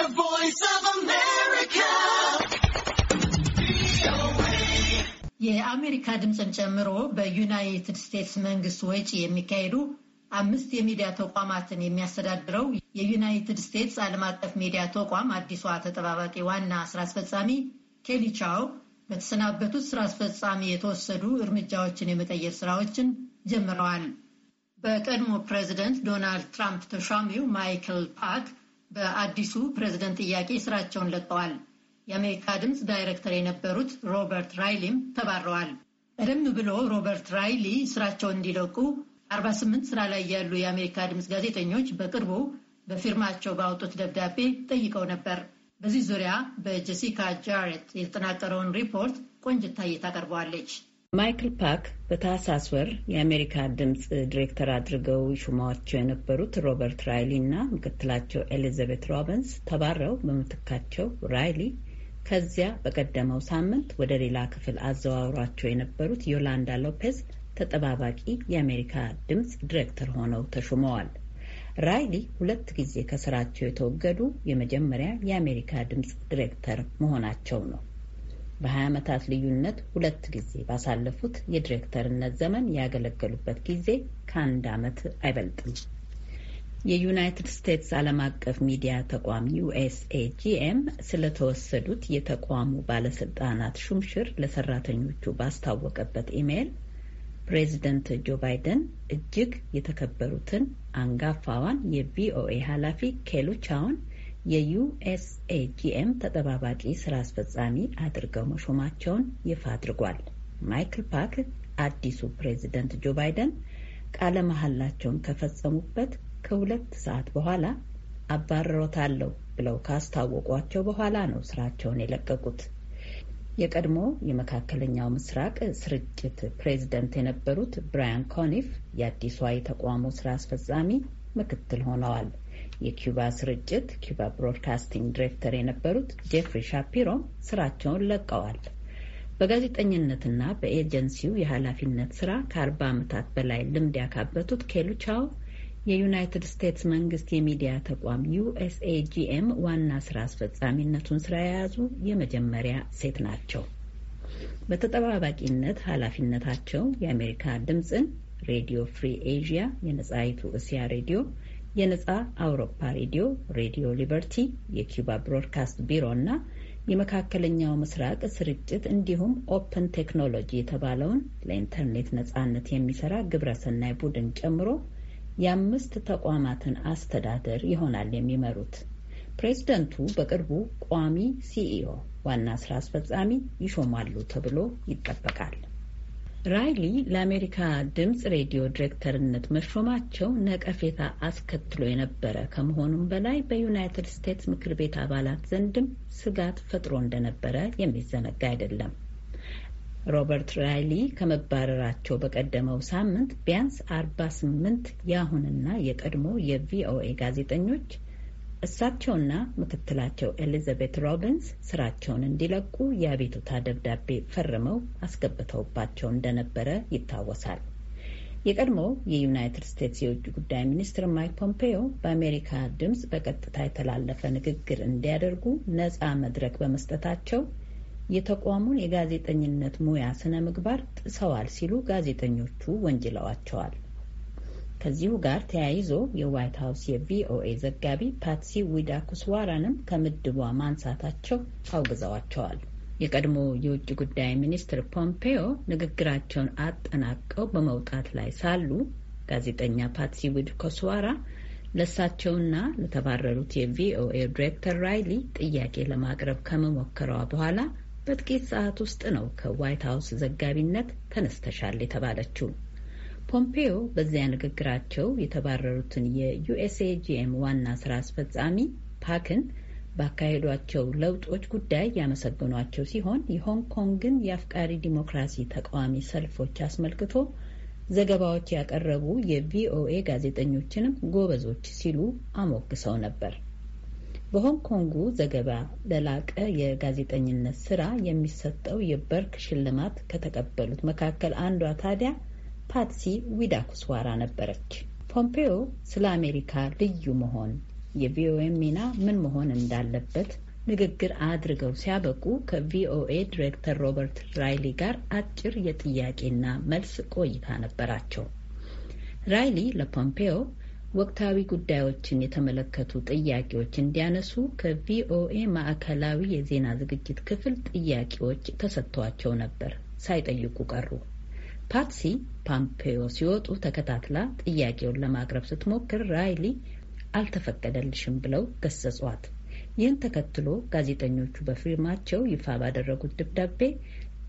The Voice of America. የአሜሪካ ድምፅን ጨምሮ በዩናይትድ ስቴትስ መንግስት ወጪ የሚካሄዱ አምስት የሚዲያ ተቋማትን የሚያስተዳድረው የዩናይትድ ስቴትስ ዓለም አቀፍ ሚዲያ ተቋም አዲሷ ተጠባባቂ ዋና ስራ አስፈጻሚ ኬሊ ቻው በተሰናበቱት ስራ አስፈጻሚ የተወሰዱ እርምጃዎችን የመቀየር ስራዎችን ጀምረዋል። በቀድሞ ፕሬዚደንት ዶናልድ ትራምፕ ተሿሚው ማይክል ፓክ በአዲሱ ፕሬዝደንት ጥያቄ ስራቸውን ለቀዋል። የአሜሪካ ድምፅ ዳይሬክተር የነበሩት ሮበርት ራይሊም ተባረዋል። ቀደም ብሎ ሮበርት ራይሊ ስራቸውን እንዲለቁ 48 ስራ ላይ ያሉ የአሜሪካ ድምፅ ጋዜጠኞች በቅርቡ በፊርማቸው ባወጡት ደብዳቤ ጠይቀው ነበር። በዚህ ዙሪያ በጀሲካ ጃሬት የተጠናቀረውን ሪፖርት ቆንጅታ ታቀርበዋለች። ማይክል ፓክ በታህሳስ ወር የአሜሪካ ድምፅ ዲሬክተር አድርገው ሹማዎቸው የነበሩት ሮበርት ራይሊ እና ምክትላቸው ኤሊዛቤት ሮቢንስ ተባረው በምትካቸው ራይሊ ከዚያ በቀደመው ሳምንት ወደ ሌላ ክፍል አዘዋውሯቸው የነበሩት ዮላንዳ ሎፔዝ ተጠባባቂ የአሜሪካ ድምፅ ዲሬክተር ሆነው ተሹመዋል። ራይሊ ሁለት ጊዜ ከስራቸው የተወገዱ የመጀመሪያ የአሜሪካ ድምፅ ዲሬክተር መሆናቸው ነው። በ20 ዓመታት ልዩነት ሁለት ጊዜ ባሳለፉት የዲሬክተርነት ዘመን ያገለገሉበት ጊዜ ከአንድ ዓመት አይበልጥም። የዩናይትድ ስቴትስ ዓለም አቀፍ ሚዲያ ተቋም ዩኤስኤጂኤም ስለተወሰዱት የተቋሙ ባለስልጣናት ሹምሽር ለሰራተኞቹ ባስታወቀበት ኢሜይል ፕሬዚደንት ጆ ባይደን እጅግ የተከበሩትን አንጋፋዋን የቪኦኤ ኃላፊ ኬሎቻውን የዩኤስኤጂኤም ተጠባባቂ ስራ አስፈጻሚ አድርገው መሾማቸውን ይፋ አድርጓል። ማይክል ፓክ አዲሱ ፕሬዚደንት ጆ ባይደን ቃለ መሐላቸውን ከፈጸሙበት ከሁለት ሰዓት በኋላ አባረሮታለሁ ብለው ካስታወቋቸው በኋላ ነው ስራቸውን የለቀቁት። የቀድሞ የመካከለኛው ምስራቅ ስርጭት ፕሬዚደንት የነበሩት ብራያን ኮኒፍ የአዲሷ የተቋሙ ስራ አስፈጻሚ ምክትል ሆነዋል። የኪዩባ ስርጭት ኪውባ ብሮድካስቲንግ ዲሬክተር የነበሩት ጄፍሪ ሻፒሮም ስራቸውን ለቀዋል። በጋዜጠኝነትና በኤጀንሲው የኃላፊነት ስራ ከአርባ ዓመታት በላይ ልምድ ያካበቱት ኬሉቻው የዩናይትድ ስቴትስ መንግስት የሚዲያ ተቋም ዩኤስኤጂኤም ዋና ስራ አስፈጻሚነቱን ስራ የያዙ የመጀመሪያ ሴት ናቸው። በተጠባባቂነት ኃላፊነታቸው የአሜሪካ ድምፅን፣ ሬዲዮ ፍሪ ኤዥያ፣ የነጻይቱ እስያ ሬዲዮ የነጻ አውሮፓ ሬዲዮ ሬዲዮ ሊበርቲ፣ የኪዩባ ብሮድካስት ቢሮ እና የመካከለኛው ምስራቅ ስርጭት እንዲሁም ኦፕን ቴክኖሎጂ የተባለውን ለኢንተርኔት ነጻነት የሚሰራ ግብረሰናይ ቡድን ጨምሮ የአምስት ተቋማትን አስተዳደር ይሆናል የሚመሩት። ፕሬዝደንቱ በቅርቡ ቋሚ ሲኢኦ ዋና ስራ አስፈጻሚ ይሾማሉ ተብሎ ይጠበቃል። ራይሊ ለአሜሪካ ድምፅ ሬዲዮ ዲሬክተርነት መሾማቸው ነቀፌታ አስከትሎ የነበረ ከመሆኑም በላይ በዩናይትድ ስቴትስ ምክር ቤት አባላት ዘንድም ስጋት ፈጥሮ እንደነበረ የሚዘነጋ አይደለም። ሮበርት ራይሊ ከመባረራቸው በቀደመው ሳምንት ቢያንስ አርባ ስምንት የአሁንና የቀድሞ የቪኦኤ ጋዜጠኞች እሳቸውና ምክትላቸው ኤሊዛቤት ሮቢንስ ስራቸውን እንዲለቁ የአቤቱታ ደብዳቤ ፈርመው አስገብተውባቸው እንደነበረ ይታወሳል። የቀድሞው የዩናይትድ ስቴትስ የውጭ ጉዳይ ሚኒስትር ማይክ ፖምፔዮ በአሜሪካ ድምፅ በቀጥታ የተላለፈ ንግግር እንዲያደርጉ ነፃ መድረክ በመስጠታቸው የተቋሙን የጋዜጠኝነት ሙያ ስነ ምግባር ጥሰዋል ሲሉ ጋዜጠኞቹ ወንጅለዋቸዋል። ከዚሁ ጋር ተያይዞ የዋይት ሀውስ የቪኦኤ ዘጋቢ ፓትሲ ኩስዋራንም ከምድቧ ማንሳታቸው አውግዘዋቸዋል። የቀድሞ የውጭ ጉዳይ ሚኒስትር ፖምፔዮ ንግግራቸውን አጠናቀው በመውጣት ላይ ሳሉ ጋዜጠኛ ፓትሲ ኮስዋራ ለእሳቸውና ለተባረሩት የቪኦኤ ዲሬክተር ራይሊ ጥያቄ ለማቅረብ ከመሞከሯ በኋላ በጥቂት ሰዓት ውስጥ ነው ከዋይት ሀውስ ዘጋቢነት ተነስተሻል የተባለችው። ፖምፔዮ በዚያ ንግግራቸው የተባረሩትን የዩኤስኤጂኤም ዋና ስራ አስፈጻሚ ፓክን ባካሄዷቸው ለውጦች ጉዳይ ያመሰግኗቸው ሲሆን የሆንግ ኮንግን የአፍቃሪ ዲሞክራሲ ተቃዋሚ ሰልፎች አስመልክቶ ዘገባዎች ያቀረቡ የቪኦኤ ጋዜጠኞችንም ጎበዞች ሲሉ አሞግሰው ነበር። በሆንግ ኮንጉ ዘገባ ለላቀ የጋዜጠኝነት ስራ የሚሰጠው የበርክ ሽልማት ከተቀበሉት መካከል አንዷ ታዲያ ፓትሲ ዊዳኩስዋራ ነበረች። ፖምፔዮ ስለ አሜሪካ ልዩ መሆን የቪኦኤ ሚና ምን መሆን እንዳለበት ንግግር አድርገው ሲያበቁ ከቪኦኤ ዲሬክተር ሮበርት ራይሊ ጋር አጭር የጥያቄና መልስ ቆይታ ነበራቸው። ራይሊ ለፖምፔዮ ወቅታዊ ጉዳዮችን የተመለከቱ ጥያቄዎች እንዲያነሱ ከቪኦኤ ማዕከላዊ የዜና ዝግጅት ክፍል ጥያቄዎች ተሰጥተዋቸው ነበር። ሳይጠይቁ ቀሩ። ፓትሲ ፖምፔዮ ሲወጡ ተከታትላ ጥያቄውን ለማቅረብ ስትሞክር ራይሊ አልተፈቀደልሽም ብለው ገሰጿት። ይህን ተከትሎ ጋዜጠኞቹ በፊርማቸው ይፋ ባደረጉት ደብዳቤ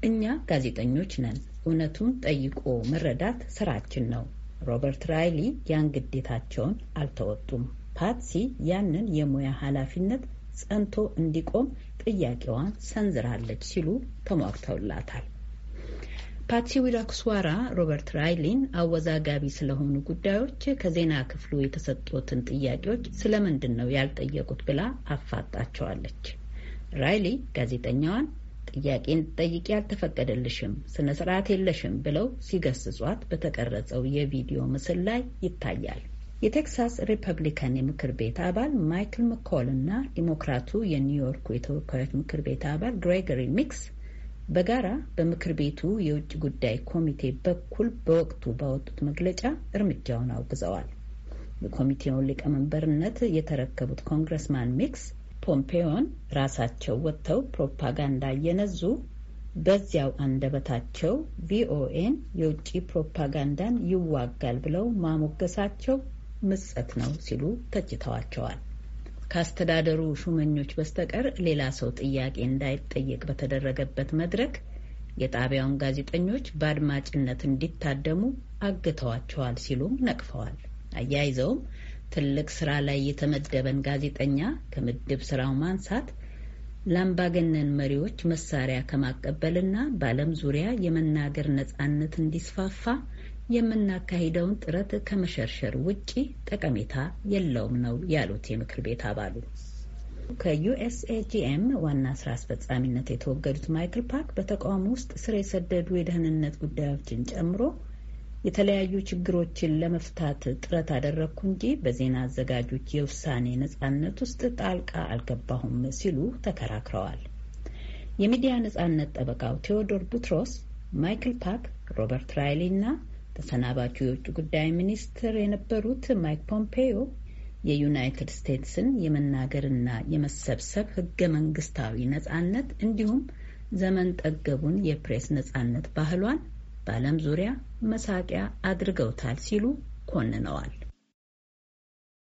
እኛ ጋዜጠኞች ነን፣ እውነቱን ጠይቆ መረዳት ስራችን ነው። ሮበርት ራይሊ ያን ግዴታቸውን አልተወጡም። ፓትሲ ያንን የሙያ ኃላፊነት ጸንቶ እንዲቆም ጥያቄዋን ሰንዝራለች ሲሉ ተሟግተውላታል። ፓትሲ ዊዳኩስዋራ ሮበርት ራይሊን አወዛጋቢ ስለሆኑ ጉዳዮች ከዜና ክፍሉ የተሰጡትን ጥያቄዎች ስለምንድን ነው ያልጠየቁት ብላ አፋጣቸዋለች። ራይሊ ጋዜጠኛዋን ጥያቄን እንድጠይቅ አልተፈቀደልሽም፣ ስነ ስርዓት የለሽም ብለው ሲገስጿት በተቀረጸው የቪዲዮ ምስል ላይ ይታያል። የቴክሳስ ሪፐብሊካን የምክር ቤት አባል ማይክል መኮል እና ዲሞክራቱ የኒውዮርኩ የተወካዮች ምክር ቤት አባል ግሬጎሪ ሚክስ በጋራ በምክር ቤቱ የውጭ ጉዳይ ኮሚቴ በኩል በወቅቱ ባወጡት መግለጫ እርምጃውን አውግዘዋል። የኮሚቴውን ሊቀመንበርነት የተረከቡት ኮንግረስማን ሚክስ ፖምፔዮን ራሳቸው ወጥተው ፕሮፓጋንዳ እየነዙ በዚያው አንደበታቸው ቪኦኤን የውጭ ፕሮፓጋንዳን ይዋጋል ብለው ማሞገሳቸው ምጸት ነው ሲሉ ተችተዋቸዋል። ከአስተዳደሩ ሹመኞች በስተቀር ሌላ ሰው ጥያቄ እንዳይጠየቅ በተደረገበት መድረክ የጣቢያውን ጋዜጠኞች በአድማጭነት እንዲታደሙ አግተዋቸዋል ሲሉም ነቅፈዋል። አያይዘውም ትልቅ ስራ ላይ የተመደበን ጋዜጠኛ ከምድብ ስራው ማንሳት ለአምባገነን መሪዎች መሳሪያ ከማቀበልና በዓለም ዙሪያ የመናገር ነጻነት እንዲስፋፋ የምናካሂደውን ጥረት ከመሸርሸር ውጪ ጠቀሜታ የለውም ነው ያሉት የምክር ቤት አባሉ። ከዩኤስኤጂኤም ዋና ስራ አስፈጻሚነት የተወገዱት ማይክል ፓክ በተቋሙ ውስጥ ስር የሰደዱ የደህንነት ጉዳዮችን ጨምሮ የተለያዩ ችግሮችን ለመፍታት ጥረት አደረግኩ እንጂ በዜና አዘጋጆች የውሳኔ ነጻነት ውስጥ ጣልቃ አልገባሁም ሲሉ ተከራክረዋል። የሚዲያ ነጻነት ጠበቃው ቴዎዶር ቡትሮስ ማይክል ፓክ፣ ሮበርት ራይሊ እና ተሰናባቹ የውጭ ጉዳይ ሚኒስትር የነበሩት ማይክ ፖምፔዮ የዩናይትድ ስቴትስን የመናገርና የመሰብሰብ ህገ መንግስታዊ ነጻነት እንዲሁም ዘመን ጠገቡን የፕሬስ ነጻነት ባህሏን በዓለም ዙሪያ መሳቂያ አድርገውታል ሲሉ ኮንነዋል።